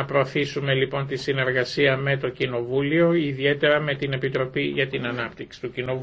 Να προωθήσουμε λοιπόν τη συνεργασία με το Κοινοβούλιο, ιδιαίτερα με την Επιτροπή για την Ανάπτυξη του κοινοβουλίου.